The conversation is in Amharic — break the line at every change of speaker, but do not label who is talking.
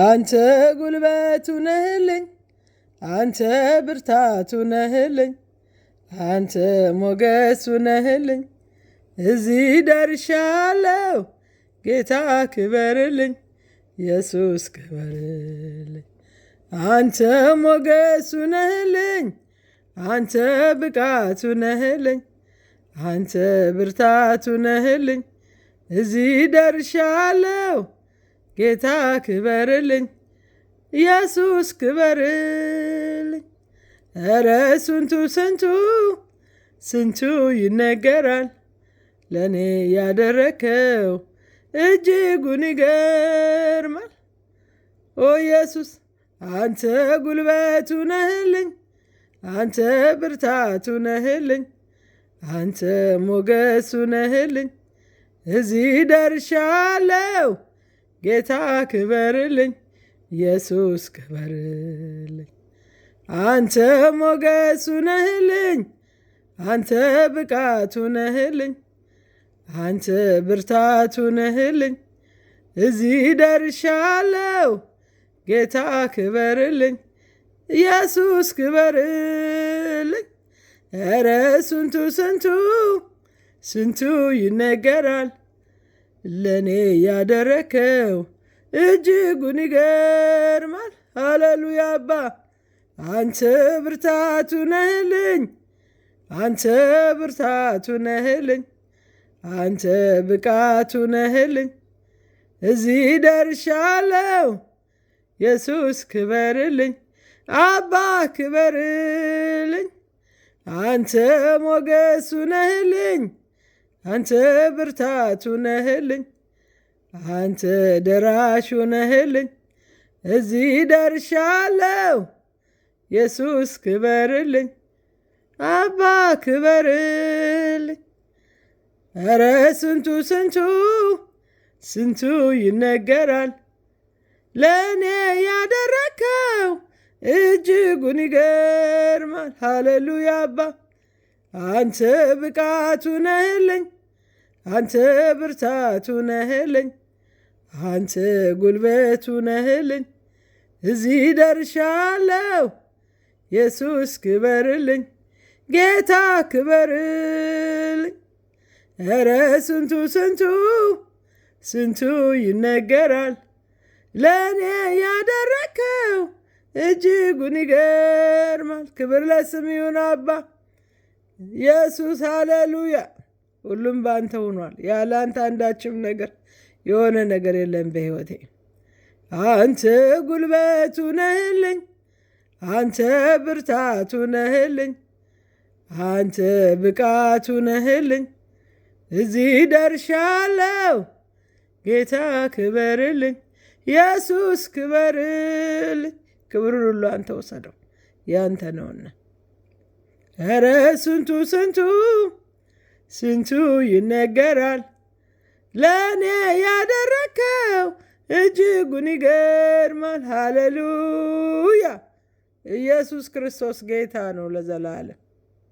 አንተ ጉልበቱ ነህልኝ፣ አንተ ብርታቱ ነህልኝ፣ አንተ ሞገሱ ነህልኝ። እዚህ ደርሻለሁ ጌታ ክበርልኝ፣ ኢየሱስ ክበርልኝ። አንተ ሞገሱ ነህልኝ፣ አንተ ብቃቱ ነህልኝ፣ አንተ ብርታቱ ነህልኝ። እዚህ ደርሻለሁ ጌታ ክበርልኝ፣ ኢየሱስ ክበርልኝ። እረ ስንቱ ስንቱ ስንቱ ይነገራል ለእኔ ያደረከው እጅጉን ይገርማል። ኦ ኢየሱስ አንተ ጉልበቱ ነህልኝ፣ አንተ ብርታቱ ነህልኝ፣ አንተ ሞገሱ ነህልኝ። እዚህ ደርሻለው። ጌታ ክበርልኝ፣ ኢየሱስ ክበርልኝ። አንተ ሞገሱ ነህልኝ፣ አንተ ብቃቱ ነህልኝ፣ አንተ ብርታቱ ነህልኝ። እዚህ ደርሻለው ጌታ ክበርልኝ፣ ኢየሱስ ክበርልኝ። ኧረ ስንቱ ስንቱ ስንቱ ይነገራል ለእኔ ያደረከው እጅጉን ይገርማል። ሃሌሉያ አባ አንተ ብርታቱ ነህልኝ፣ አንተ ብርታቱ ነህልኝ፣ አንተ ብቃቱ ነህልኝ። እዚህ ደርሻለው ኢየሱስ ክበርልኝ፣ አባ ክበርልኝ፣ አንተ ሞገሱ ነህልኝ አንተ ብርታቱ ነህልኝ፣ አንተ ደራሹ ነህልኝ፣ እዚህ ደርሻለሁ። ኢየሱስ ክበርልኝ፣ አባ ክበርልኝ። እረ ስንቱ ስንቱ ስንቱ ይነገራል ለእኔ ያደረከው እጅጉን ይገርማል። ሃሌሉያ አባ አንተ ብቃቱ ነህልኝ፣ አንተ ብርታቱ ነህልኝ፣ አንተ ጉልበቱ ነህልኝ፣ እዚህ ደርሻለሁ። ኢየሱስ ክበርልኝ፣ ጌታ ክበርልኝ። እረ ስንቱ ስንቱ ስንቱ ይነገራል ለእኔ ያደረከው እጅጉን ይገርማል። ክብር ለስም ይሁን አባ ኢየሱስ ሃሌሉያ። ሁሉም በአንተ ሆኗል። ያለ አንተ አንዳችም ነገር የሆነ ነገር የለም በህይወቴ አንተ ጉልበቱ ነህልኝ፣ አንተ ብርታቱ ነህልኝ፣ አንተ ብቃቱ ነህልኝ። እዚህ ደርሻለሁ። ጌታ ክበርልኝ፣ ኢየሱስ ክበርልኝ። ክብሩን ሁሉ አንተ ወሰደው፣ ያንተ ነውና ኧረ ስንቱ ስንቱ ስንቱ ይነገራል ለእኔ ያደረከው እጅጉን ይገርማል። ሃሌሉያ! ኢየሱስ ክርስቶስ ጌታ ነው ለዘላለም።